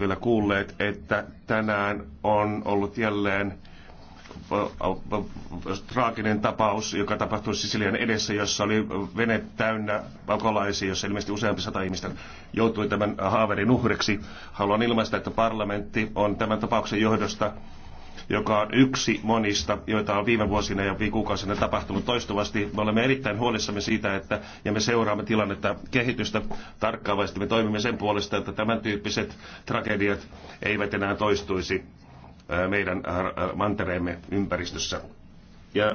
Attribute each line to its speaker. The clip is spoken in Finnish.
Speaker 1: vielä kuulleet, että tänään on ollut jälleen traaginen tapaus, joka tapahtui Sisilian edessä, jossa oli vene täynnä pakolaisia, jossa ilmeisesti useampi sata ihmistä joutui tämän haaverin uhreksi. Haluan ilmaista, että parlamentti on tämän tapauksen johdosta joka on yksi monista, joita on viime vuosina ja viime kuukausina tapahtunut toistuvasti. Me olemme erittäin huolissamme siitä, että ja me seuraamme tilannetta kehitystä tarkkaavasti, Me toimimme sen puolesta, että tämän tyyppiset tragediat eivät enää toistuisi meidän mantereemme ympäristössä.
Speaker 2: Ja